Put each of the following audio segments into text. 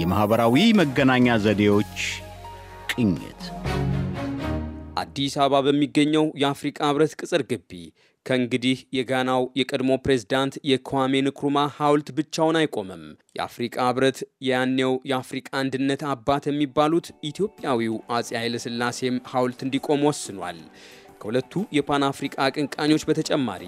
የማኅበራዊ መገናኛ ዘዴዎች ቅኝት አዲስ አበባ በሚገኘው የአፍሪቃ ህብረት ቅጽር ግቢ ከእንግዲህ የጋናው የቀድሞ ፕሬዝዳንት የኳሜ ንክሩማ ሐውልት ብቻውን አይቆምም። የአፍሪቃ ህብረት የያኔው የአፍሪቃ አንድነት አባት የሚባሉት ኢትዮጵያዊው አጼ ኃይለሥላሴም ሐውልት እንዲቆም ወስኗል። ከሁለቱ የፓን አፍሪቃ አቀንቃኞች በተጨማሪ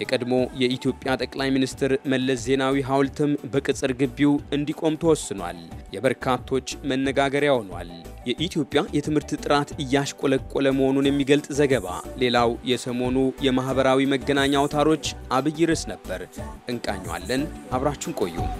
የቀድሞ የኢትዮጵያ ጠቅላይ ሚኒስትር መለስ ዜናዊ ሐውልትም በቅጽር ግቢው እንዲቆም ተወስኗል። የበርካቶች መነጋገሪያ ሆኗል። የኢትዮጵያ የትምህርት ጥራት እያሽቆለቆለ መሆኑን የሚገልጽ ዘገባ ሌላው የሰሞኑ የማኅበራዊ መገናኛ አውታሮች አብይ ርዕስ ነበር። እንቃኘዋለን። አብራችሁን ቆዩም።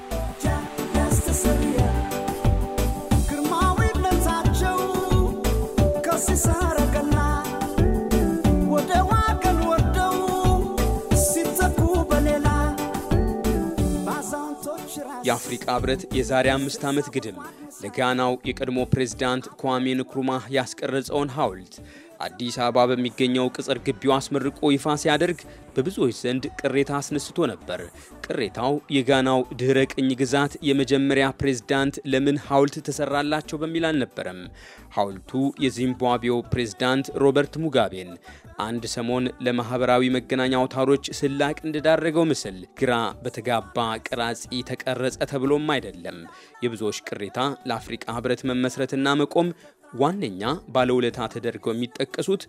የአፍሪቃ ህብረት የዛሬ አምስት ዓመት ግድም ለጋናው የቀድሞ ፕሬዝዳንት ኳሜ ንክሩማ ያስቀረጸውን ሐውልት አዲስ አበባ በሚገኘው ቅጽር ግቢው አስመርቆ ይፋ ሲያደርግ በብዙዎች ዘንድ ቅሬታ አስነስቶ ነበር። ቅሬታው የጋናው ድህረ ቅኝ ግዛት የመጀመሪያ ፕሬዝዳንት ለምን ሐውልት ተሰራላቸው በሚል አልነበረም። ሐውልቱ የዚምባብዌው ፕሬዝዳንት ሮበርት ሙጋቤን አንድ ሰሞን ለማህበራዊ መገናኛ አውታሮች ስላቅ እንደዳረገው ምስል ግራ በተጋባ ቅራጺ ተቀረጸ ተብሎም አይደለም። የብዙዎች ቅሬታ ለአፍሪቃ ህብረት መመስረትና መቆም ዋነኛ ባለውለታ ተደርገው የሚጠቀሱት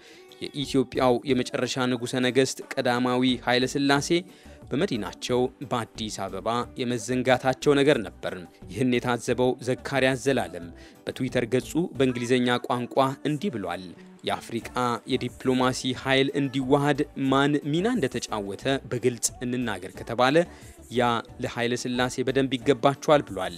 የኢትዮጵያው የመጨረሻ ንጉሠ ነገሥት ቀዳማዊ ሥላሴ በመዲናቸው በአዲስ አበባ የመዘንጋታቸው ነገር ነበር። ይህን የታዘበው ዘካርያስ ዘላለም በትዊተር ገጹ በእንግሊዝኛ ቋንቋ እንዲህ ብሏል። የአፍሪቃ የዲፕሎማሲ ኃይል እንዲዋሃድ ማን ሚና እንደተጫወተ በግልጽ እንናገር ከተባለ ያ ለኃይለ ሥላሴ በደንብ ይገባቸዋል ብሏል።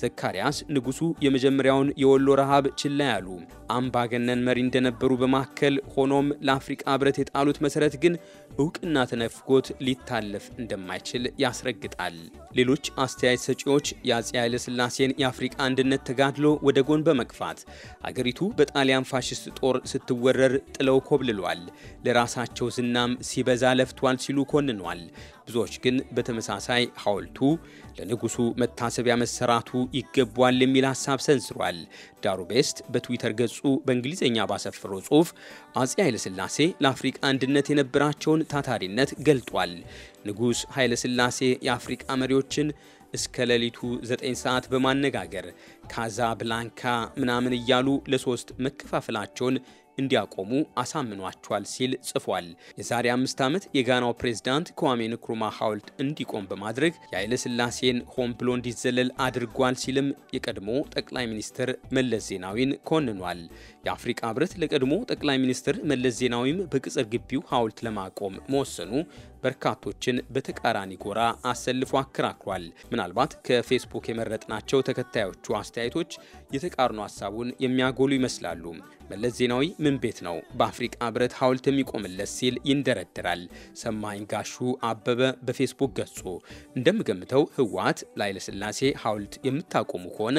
ዘካርያስ ንጉሱ የመጀመሪያውን የወሎ ረሃብ ችላ ያሉ አምባገነን መሪ እንደነበሩ በማከል ሆኖም ለአፍሪቃ ህብረት የጣሉት መሠረት ግን እውቅና ተነፍጎት ሊታለፍ እንደማይችል ያስረግጣል። ሌሎች አስተያየት ሰጪዎች የአጼ ኃይለሥላሴን የአፍሪቃ አንድነት ተጋድሎ ወደ ጎን በመግፋት አገሪቱ በጣሊያን ፋሽስት ጦር ስትወረር ጥለው ኮብልሏል፣ ለራሳቸው ዝናም ሲበዛ ለፍቷል ሲሉ ኮንኗል። ብዙዎች ግን በተመሳሳይ ሐውልቱ ለንጉሱ መታሰቢያ መሰራቱ ይገቧል የሚል ሀሳብ ሰንዝሯል። ዳሩ ቤስት በትዊተር ገጹ በእንግሊዝኛ ባሰፈረው ጽሑፍ አጼ ኃይለሥላሴ ለአፍሪቃ አንድነት የነበራቸውን ታታሪነት ገልጧል። ንጉሥ ኃይለሥላሴ የአፍሪቃ መሪዎችን እስከ ሌሊቱ 9 ሰዓት በማነጋገር ካዛ ብላንካ ምናምን እያሉ ለሶስት መከፋፈላቸውን እንዲያቆሙ አሳምኗቸዋል ሲል ጽፏል። የዛሬ አምስት ዓመት የጋናው ፕሬዝዳንት ከዋሜ ንክሩማ ሐውልት እንዲቆም በማድረግ የኃይለ ሥላሴን ሆን ብሎ እንዲዘለል አድርጓል ሲልም የቀድሞ ጠቅላይ ሚኒስትር መለስ ዜናዊን ኮንኗል። የአፍሪቃ ህብረት ለቀድሞ ጠቅላይ ሚኒስትር መለስ ዜናዊም በቅጽር ግቢው ሐውልት ለማቆም መወሰኑ በርካቶችን በተቃራኒ ጎራ አሰልፎ አከራክሯል። ምናልባት ከፌስቡክ የመረጥናቸው ተከታዮቹ አስተያየቶች የተቃርኖ ሀሳቡን የሚያጎሉ ይመስላሉ። መለስ ዜናዊ ምን ቤት ነው በአፍሪቃ ብረት ሐውልት የሚቆምለት ሲል ይንደረድራል። ሰማኝ ጋሹ አበበ በፌስቡክ ገጹ እንደምገምተው ህወሓት ለኃይለሥላሴ ሐውልት የምታቆሙ ከሆነ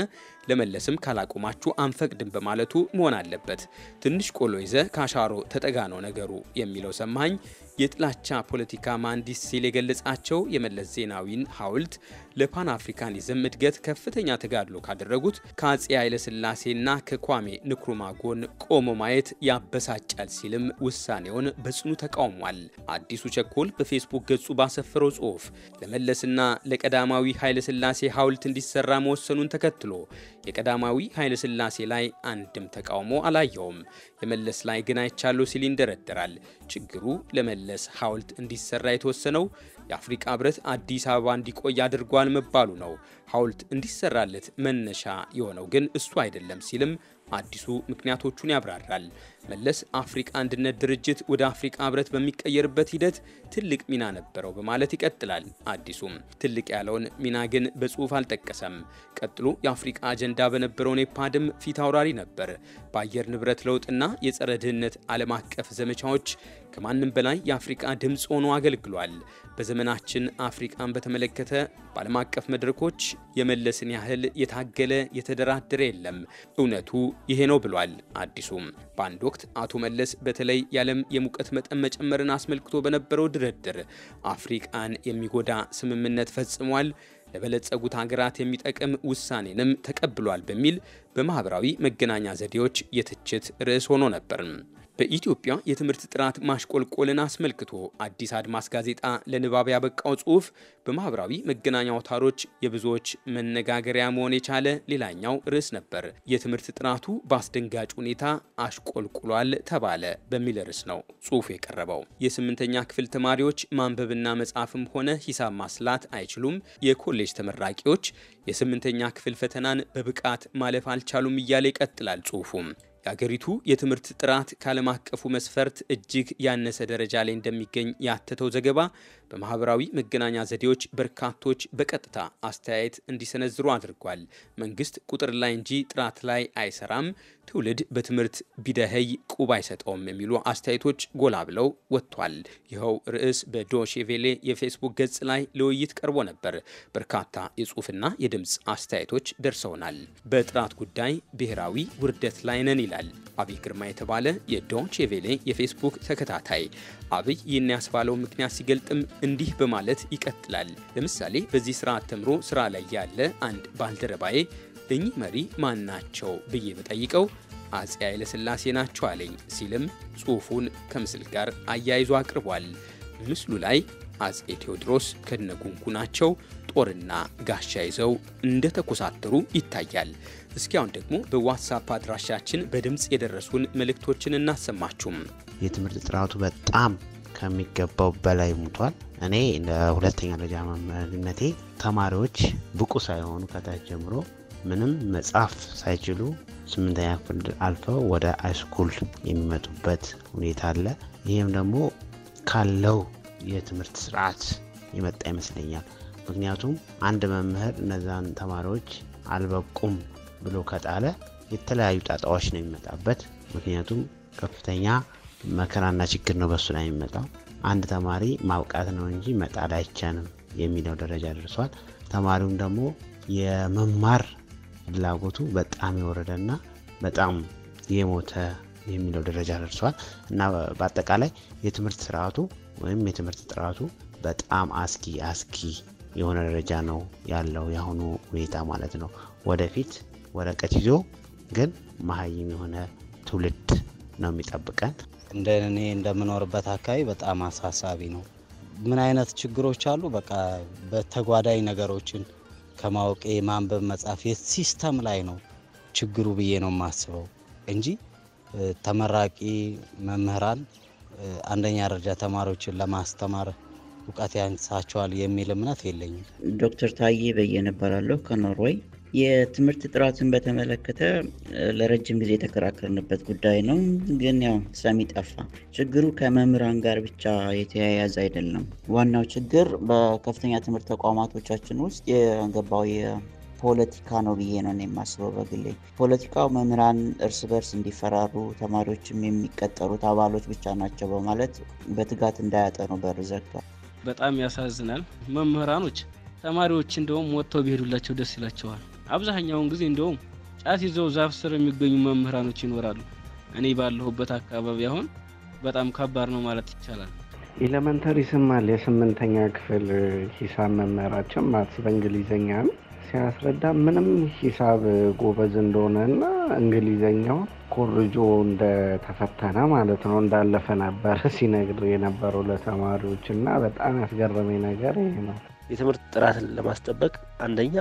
ለመለስም ካላቆማችሁ አንፈቅድም በማለቱ መሆን አለበት። ትንሽ ቆሎ ይዘ ካሻሮ ተጠጋ ነው ነገሩ የሚለው ሰማኝ የጥላቻ ፖለቲካ ማንዲስ ሲል የገለጻቸው የመለስ ዜናዊን ሐውልት ለፓን አፍሪካኒዝም እድገት ከፍተኛ ተጋድሎ ካደረጉት ከአጼ ኃይለሥላሴና ከኳሜ ንክሩማ ጎን ቆሞ ማየት ያበሳጫል ሲልም ውሳኔውን በጽኑ ተቃውሟል። አዲሱ ቸኮል በፌስቡክ ገጹ ባሰፈረው ጽሑፍ ለመለስና ለቀዳማዊ ኃይለሥላሴ ሐውልት እንዲሰራ መወሰኑን ተከትሎ የቀዳማዊ ኃይለሥላሴ ላይ አንድም ተቃውሞ አላየውም። የመለስ ላይ ግን አይቻለሁ ሲል ይንደረደራል። ችግሩ ለመለስ ሐውልት እንዲሰራ የተወሰነው የአፍሪቃ ህብረት አዲስ አበባ እንዲቆይ አድርጓል መባሉ ነው። ሐውልት እንዲሰራለት መነሻ የሆነው ግን እሱ አይደለም ሲልም አዲሱ ምክንያቶቹን ያብራራል። መለስ አፍሪቃ አንድነት ድርጅት ወደ አፍሪቃ ህብረት በሚቀየርበት ሂደት ትልቅ ሚና ነበረው በማለት ይቀጥላል። አዲሱም ትልቅ ያለውን ሚና ግን በጽሁፍ አልጠቀሰም። ቀጥሎ የአፍሪቃ አጀንዳ በነበረው ኔፓድም ፊት አውራሪ ነበር። በአየር ንብረት ለውጥና የጸረ ድህነት ዓለም አቀፍ ዘመቻዎች ከማንም በላይ የአፍሪቃ ድምፅ ሆኖ አገልግሏል። በዘመናችን አፍሪቃን በተመለከተ በዓለም አቀፍ መድረኮች የመለስን ያህል የታገለ የተደራደረ የለም። እውነቱ ይሄ ነው ብሏል አዲሱም። በአንድ ወቅት አቶ መለስ በተለይ የዓለም የሙቀት መጠን መጨመርን አስመልክቶ በነበረው ድርድር አፍሪቃን የሚጎዳ ስምምነት ፈጽሟል ለበለጸጉት ሀገራት የሚጠቅም ውሳኔንም ተቀብሏል በሚል በማህበራዊ መገናኛ ዘዴዎች የትችት ርዕስ ሆኖ ነበር። በኢትዮጵያ የትምህርት ጥራት ማሽቆልቆልን አስመልክቶ አዲስ አድማስ ጋዜጣ ለንባብ ያበቃው ጽሑፍ በማህበራዊ መገናኛ አውታሮች የብዙዎች መነጋገሪያ መሆን የቻለ ሌላኛው ርዕስ ነበር። የትምህርት ጥራቱ በአስደንጋጭ ሁኔታ አሽቆልቁሏል ተባለ በሚል ርዕስ ነው ጽሑፉ የቀረበው። የስምንተኛ ክፍል ተማሪዎች ማንበብና መጻፍም ሆነ ሂሳብ ማስላት አይችሉም፣ የኮሌጅ ተመራቂዎች የስምንተኛ ክፍል ፈተናን በብቃት ማለፍ አልቻሉም እያለ ይቀጥላል ጽሑፉም የአገሪቱ የትምህርት ጥራት ከዓለም አቀፉ መስፈርት እጅግ ያነሰ ደረጃ ላይ እንደሚገኝ ያተተው ዘገባ በማህበራዊ መገናኛ ዘዴዎች በርካቶች በቀጥታ አስተያየት እንዲሰነዝሩ አድርጓል። መንግስት ቁጥር ላይ እንጂ ጥራት ላይ አይሰራም፣ ትውልድ በትምህርት ቢደኸይ ቁብ አይሰጠውም የሚሉ አስተያየቶች ጎላ ብለው ወጥቷል። ይኸው ርዕስ በዶሼቬሌ የፌስቡክ ገጽ ላይ ለውይይት ቀርቦ ነበር። በርካታ የጽሁፍና የድምፅ አስተያየቶች ደርሰውናል። በጥራት ጉዳይ ብሔራዊ ውርደት ላይ ነን ይላል አብይ ግርማ የተባለ የዶቼቬሌ የፌስቡክ ተከታታይ። አብይ ይህን ያስባለው ምክንያት ሲገልጥም እንዲህ በማለት ይቀጥላል። ለምሳሌ በዚህ ስራ ተምሮ ስራ ላይ ያለ አንድ ባልደረባዬ እኚህ መሪ ማን ናቸው ብዬ በጠይቀው አጼ ኃይለሥላሴ ናቸው አለኝ ሲልም ጽሑፉን ከምስል ጋር አያይዞ አቅርቧል። ምስሉ ላይ አጼ ቴዎድሮስ ከነጉንጉ ናቸው ጦርና ጋሻ ይዘው እንደተኮሳተሩ ይታያል። እስኪያሁን ደግሞ በዋትሳፕ አድራሻችን በድምፅ የደረሱን መልእክቶችን እናሰማችሁም። የትምህርት ጥራቱ በጣም ከሚገባው በላይ ሙቷል። እኔ ለሁለተኛ ደረጃ መምህርነቴ ተማሪዎች ብቁ ሳይሆኑ ከታች ጀምሮ ምንም መጽሐፍ ሳይችሉ ስምንተኛ ክፍል አልፈው ወደ አይስኩል የሚመጡበት ሁኔታ አለ። ይህም ደግሞ ካለው የትምህርት ስርዓት የመጣ ይመስለኛል። ምክንያቱም አንድ መምህር እነዛን ተማሪዎች አልበቁም ብሎ ከጣለ የተለያዩ ጣጣዎች ነው የሚመጣበት። ምክንያቱም ከፍተኛ መከራና ችግር ነው በሱ ላይ የሚመጣው። አንድ ተማሪ ማብቃት ነው እንጂ መጣል አይቻንም የሚለው ደረጃ ደርሷል። ተማሪውም ደግሞ የመማር ፍላጎቱ በጣም የወረደና በጣም የሞተ የሚለው ደረጃ ደርሷል እና በአጠቃላይ የትምህርት ስርዓቱ ወይም የትምህርት ጥራቱ በጣም አስኪ አስኪ የሆነ ደረጃ ነው ያለው የአሁኑ ሁኔታ ማለት ነው። ወደፊት ወረቀት ይዞ ግን መሀይም የሆነ ትውልድ ነው የሚጠብቀን። እንደ እኔ እንደምኖርበት አካባቢ በጣም አሳሳቢ ነው። ምን አይነት ችግሮች አሉ? በቃ በተጓዳኝ ነገሮችን ከማወቅ የማንበብ መጻፍ ሲስተም ላይ ነው ችግሩ ብዬ ነው የማስበው እንጂ ተመራቂ መምህራን አንደኛ ደረጃ ተማሪዎችን ለማስተማር እውቀት ያንሳቸዋል የሚል እምነት የለኝም። ዶክተር ታዬ በየነ እባላለሁ ከኖርዌይ የትምህርት ጥራትን በተመለከተ ለረጅም ጊዜ የተከራከርንበት ጉዳይ ነው። ግን ያው ሰሚ ጠፋ። ችግሩ ከመምህራን ጋር ብቻ የተያያዘ አይደለም። ዋናው ችግር በከፍተኛ ትምህርት ተቋማቶቻችን ውስጥ የገባው ፖለቲካ ነው ብዬ ነው የማስበው። በግሌ ፖለቲካው መምህራን እርስ በርስ እንዲፈራሩ፣ ተማሪዎችም የሚቀጠሩት አባሎች ብቻ ናቸው በማለት በትጋት እንዳያጠኑ በር ዘግቷል። በጣም ያሳዝናል። መምህራኖች ተማሪዎች እንደውም ወጥተው ቢሄዱላቸው ደስ ይላቸዋል። አብዛኛውን ጊዜ እንደውም ጫት ይዘው ዛፍ ስር የሚገኙ መምህራኖች ይኖራሉ። እኔ ባለሁበት አካባቢ አሁን በጣም ከባድ ነው ማለት ይቻላል። ኢለመንተሪ ስማል የስምንተኛ ክፍል ሂሳብ መመራቸው ማትስ በእንግሊዝኛ ነው ሲያስረዳ ምንም ሂሳብ ጎበዝ እንደሆነ እና እንግሊዘኛው ኮርጆ እንደተፈተነ ማለት ነው እንዳለፈ ነበረ ሲነግር የነበረው ለተማሪዎች እና በጣም ያስገረሜ ነገር ይህ ነው። የትምህርት ጥራትን ለማስጠበቅ አንደኛ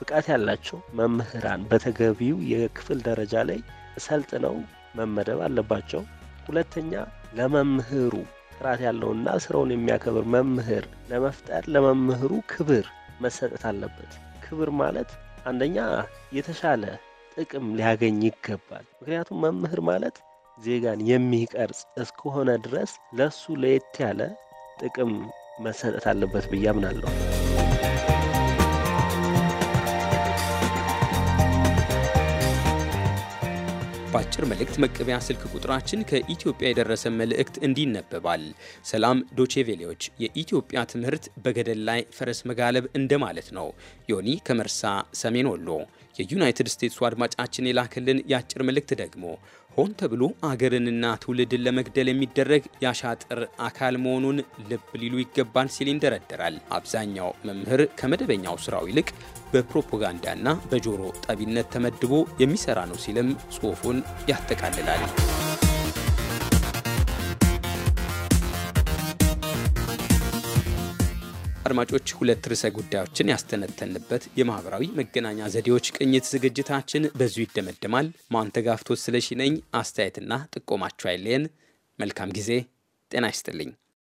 ብቃት ያላቸው መምህራን በተገቢው የክፍል ደረጃ ላይ ሰልጥነው መመደብ አለባቸው። ሁለተኛ ለመምህሩ ጥራት ያለውና ስራውን የሚያከብር መምህር ለመፍጠር ለመምህሩ ክብር መሰጠት አለበት። ክብር ማለት አንደኛ የተሻለ ጥቅም ሊያገኝ ይገባል። ምክንያቱም መምህር ማለት ዜጋን የሚቀርጽ እስከሆነ ድረስ ለሱ ለየት ያለ ጥቅም መሰጠት አለበት ብዬ አምናለሁ። በአጭር መልእክት መቀበያ ስልክ ቁጥራችን ከኢትዮጵያ የደረሰ መልእክት እንዲነበባል። ሰላም ዶቼቬሌዎች፣ የኢትዮጵያ ትምህርት በገደል ላይ ፈረስ መጋለብ እንደማለት ነው። ዮኒ ከመርሳ ሰሜን ወሎ የዩናይትድ ስቴትሱ አድማጫችን የላክልን የአጭር መልእክት ደግሞ ሆን ተብሎ አገርንና ትውልድን ለመግደል የሚደረግ የአሻጥር አካል መሆኑን ልብ ሊሉ ይገባል ሲል ይንደረደራል። አብዛኛው መምህር ከመደበኛው ስራው ይልቅ በፕሮፓጋንዳና በጆሮ ጠቢነት ተመድቦ የሚሰራ ነው ሲልም ጽሑፉን ያጠቃልላል። አድማጮች ሁለት ርዕሰ ጉዳዮችን ያስተነተንበት የማህበራዊ መገናኛ ዘዴዎች ቅኝት ዝግጅታችን በዙ ይደመደማል። ማንተጋፍቶት ስለሺ ነኝ። አስተያየትና ጥቆማችሁ አይለየን። መልካም ጊዜ። ጤና ይስጥልኝ።